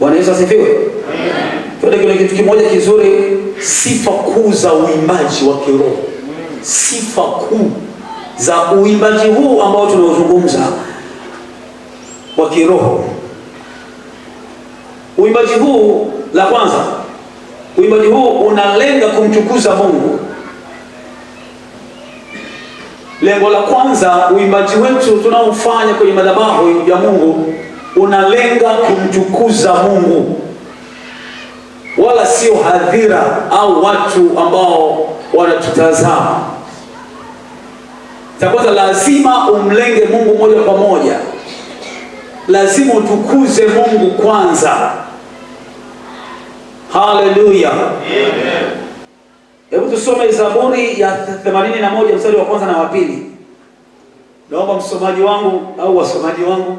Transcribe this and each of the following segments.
Bwana Yesu asifiwe. Amen. kwenye kitu kimoja kizuri, sifa kuu za uimbaji wa kiroho, sifa kuu za uimbaji huu ambao tunaozungumza wa kiroho. Uimbaji huu, la kwanza, uimbaji huu unalenga kumtukuza Mungu. Lengo la kwanza uimbaji wetu tunaofanya kwenye madhabahu ya Mungu unalenga kumtukuza Mungu, wala sio hadhira au watu ambao wanatutazama. Takwanza lazima umlenge Mungu moja kwa moja, lazima utukuze Mungu kwanza. Haleluya, amen. Hebu tusome Zaburi ya 81 mstari wa kwanza na wa pili. Naomba msomaji wangu au wasomaji wangu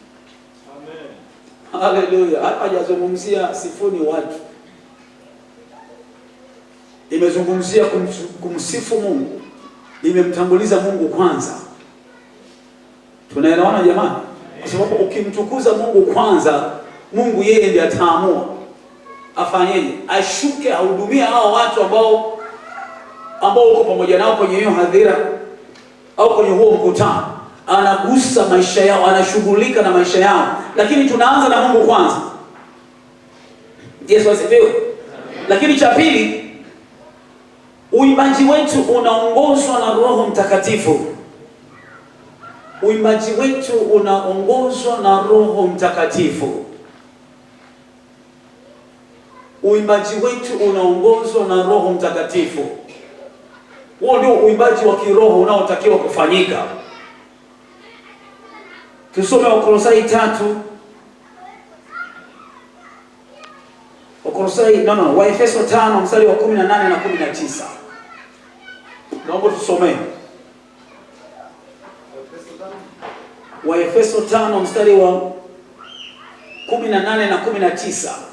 haleluya. Hapa hajazungumzia sifuni watu, imezungumzia kumsifu Mungu, imemtanguliza Mungu kwanza. Tunaelewana jamani? Kwa sababu ukimtukuza Mungu kwanza, Mungu yeye ndiye ataamua afanyeje, ashuke ahudumie hao watu ambao ambao uko pamoja nao kwenye hiyo hadhira au kwenye huo mkutano anagusa maisha yao, anashughulika na maisha yao, lakini tunaanza na Mungu kwanza. Yesu asifiwe. Lakini cha pili, uimbaji wetu unaongozwa na Roho Mtakatifu. Uimbaji wetu unaongozwa na Roho Mtakatifu. Uimbaji wetu unaongozwa na Roho Mtakatifu. Huo ndio uimbaji wa kiroho unaotakiwa kufanyika. Tusome Wakolosai tatu Wakolosai no, no, Waefeso tano mstari wa 18 na 19. Naomba tusomee Waefeso tano mstari wa 18 na 19.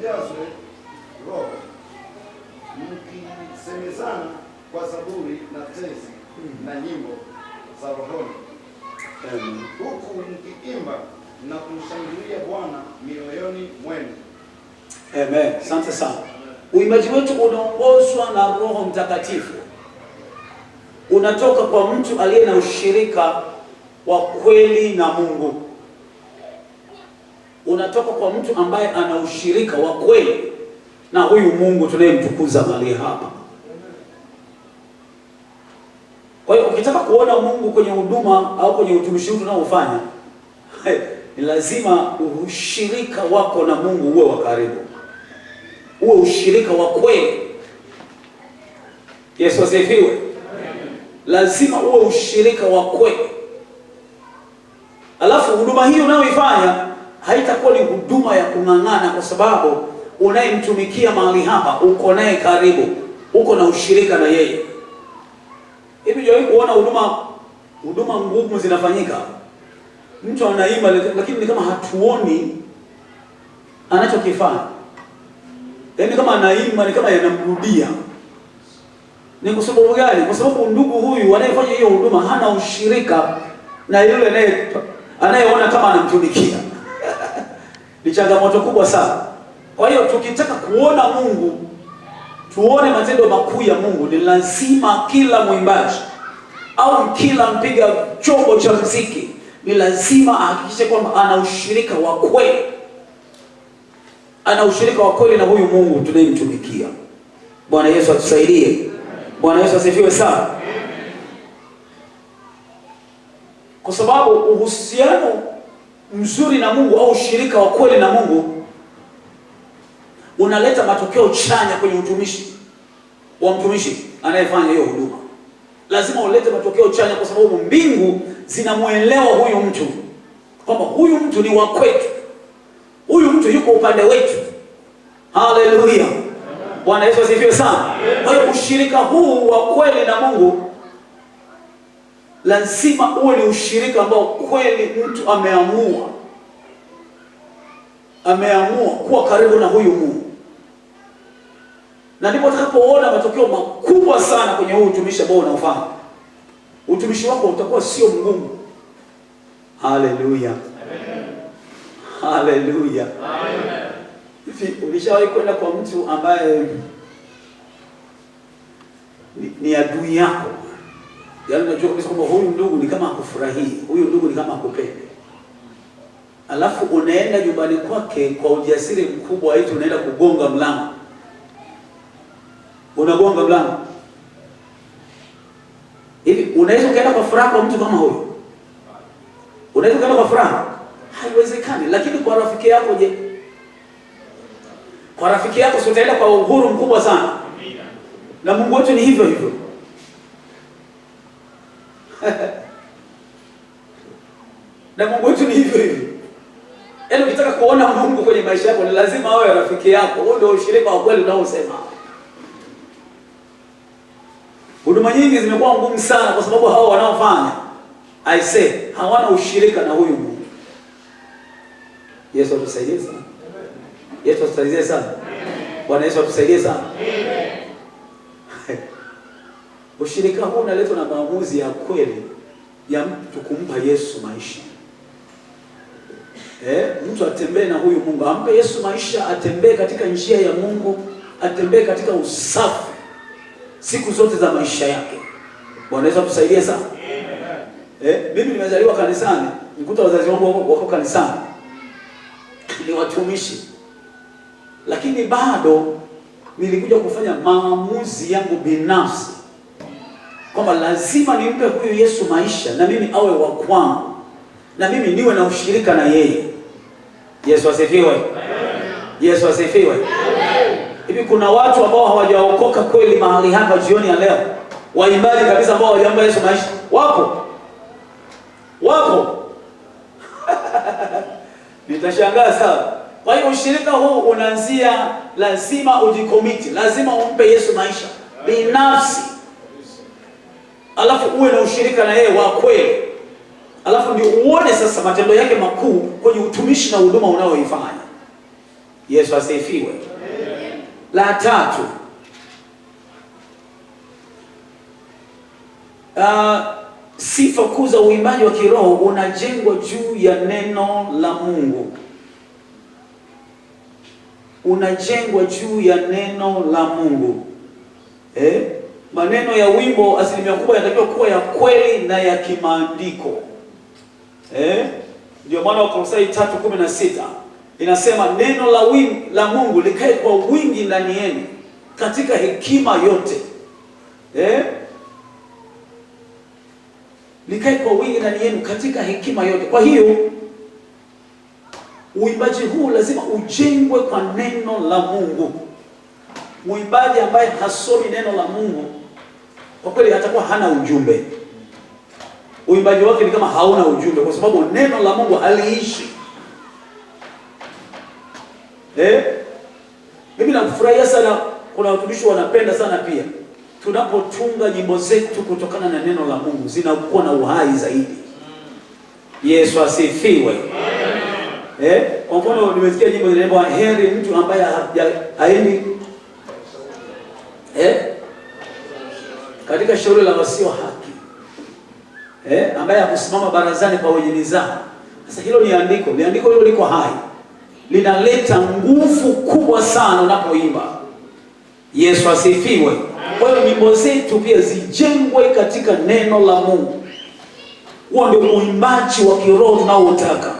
mjazwe roho mkisemezana kwa zaburi na tenzi na nyimbo za rohoni huku mkiimba na kumshangilia Bwana mioyoni mwenu. Amen. Asante sana. Uimbaji wetu unaongozwa na Roho Mtakatifu, unatoka kwa mtu aliye na ushirika wa kweli na Mungu unatoka kwa mtu ambaye ana ushirika wa kweli na huyu Mungu tunayemtukuza mahali hapa. Kwa hiyo ukitaka kuona Mungu kwenye huduma au kwenye utumishi huu tunaofanya, ni lazima ushirika wako na Mungu uwe wa karibu, uwe ushirika wa kweli. Yesu asifiwe. Lazima uwe ushirika wa kweli, alafu huduma hii unayoifanya haitakuwa ni huduma ya kung'ang'ana, kwa sababu unayemtumikia mahali hapa uko naye karibu, uko na ushirika na yeye. Hivi jawahi kuona huduma huduma ngumu zinafanyika, mtu anaimba, lakini ni kama hatuoni anachokifanya, yaani kama anaimba ni kama yanamrudia. Ni kwa sababu gani? Kwa sababu ndugu huyu anayefanya hiyo huduma hana ushirika na yule anayeona kama anamtumikia ni changamoto kubwa sana. Kwa hiyo tukitaka kuona Mungu, tuone matendo makuu ya Mungu, ni lazima kila mwimbaji au kila mpiga chombo cha mziki ni lazima ahakikishe kwamba ana ushirika wa kweli, ana ushirika wa kweli na huyu Mungu tunayemtumikia. Bwana Yesu atusaidie. Bwana Yesu asifiwe sana, kwa sababu uhusiano mzuri na Mungu au ushirika wa kweli na Mungu unaleta matokeo chanya kwenye utumishi wa mtumishi anayefanya hiyo huduma. Lazima ulete matokeo chanya, kwa sababu mbingu zinamwelewa huyu mtu kwamba huyu mtu ni wa kwetu, huyu mtu yuko upande wetu. Haleluya! Bwana Yesu asifiwe sana. Kwa hiyo ushirika huu wa kweli na Mungu lazima uwe ni ushirika ambao kweli mtu ameamua ameamua kuwa karibu na huyu Mungu, na ndipo utakapoona matokeo makubwa sana kwenye huu utumishi ambao unaofanya. Utumishi wako utakuwa sio mgumu. Haleluya, haleluya. Hivi ulishawahi kwenda kwa mtu ambaye ni, ni adui yako yaani unajua kabisa kwamba huyu ndugu ni kama akufurahii, huyu ndugu ni kama akupende, alafu unaenda nyumbani kwake kwa ujasiri mkubwa, eti unaenda kugonga mlango. Unagonga mlango hivi, unaweza kaenda kwa furaha kwa mtu kama huyu? Unaweza kaenda kwa furaha? Haiwezekani. Lakini kwa rafiki yako, je? Kwa rafiki yako sio, utaenda kwa uhuru mkubwa sana? Na Mungu wetu ni hivyo hivyo na Mungu wetu ni hivyo hivyo. Yaani ukitaka kuona Mungu kwenye maisha yako ni lazima awe rafiki yako. Huo ndio ushirika wa kweli unaosema. Huduma nyingi zimekuwa ngumu sana kwa sababu hao wanaofanya I say hawana ushirika na huyu Mungu. Yesu atusaidie sana. Yesu atusaidie sana. Bwana Yesu atusaidie sana. Ushirika huu unaletwa na maamuzi ya kweli ya mtu kumpa Yesu maisha. Eh, mtu atembee na huyu Mungu, ampe Yesu maisha, atembee katika njia ya Mungu, atembee katika usafi siku zote za maisha yake. Bwana Yesu atusaidia sana. Eh, mimi nimezaliwa kanisani, nikuta wazazi wangu wako kanisani, ni watumishi, lakini bado nilikuja kufanya maamuzi yangu binafsi kwamba lazima nimpe huyu Yesu maisha na mimi awe wa kwangu na mimi niwe na ushirika na yeye. Yesu asifiwe. Yesu asifiwe. Hivi kuna watu ambao hawajaokoka kweli mahali hapa jioni ya leo, waimbaji kabisa ambao hawajampa Yesu maisha, wapo wapo. Nitashangaa sana. Kwa hiyo ushirika huu unaanzia, lazima ujikomiti, lazima umpe Yesu maisha binafsi alafu uwe na ushirika na yeye wa kweli, alafu ndio uone sasa matendo yake makuu kwenye utumishi na huduma unaoifanya. Yesu asifiwe. La tatu, uh, sifa kuu za uimbaji wa kiroho unajengwa juu ya neno la Mungu, unajengwa juu ya neno la Mungu eh? maneno ya wimbo asilimia kubwa yanatakiwa kuwa ya kweli na ya kimaandiko eh? Ndio maana Wakolosai tatu kumi na sita inasema neno la wim, la Mungu likae kwa wingi ndani yenu katika hekima yote eh? likae kwa wingi ndani yenu katika hekima yote. Kwa hiyo uimbaji huu lazima ujengwe kwa neno la Mungu. Mwimbaji ambaye hasomi neno la Mungu kwa kweli hatakuwa hana ujumbe. Uimbaji wake ni kama hauna ujumbe, kwa sababu neno la Mungu aliishi. Eh, mimi namfurahia sana, kuna watumishi wanapenda sana pia tunapotunga nyimbo zetu kutokana na neno la Mungu zinakuwa na uhai zaidi. Yesu asifiwe. Eh, kwa mfano nimesikia nyimbo inaimba heri mtu ambaye haendi katika shauri la wasio haki eh, ambaye akusimama barazani kwa wenye mizaha. Sasa hilo ni andiko, ni andiko hilo liko hai, linaleta nguvu kubwa sana unapoimba. Yesu asifiwe. Kwa hiyo nyimbo zetu pia zijengwe katika neno la Mungu. Huo ndio uimbaji wa kiroho tunaoutaka.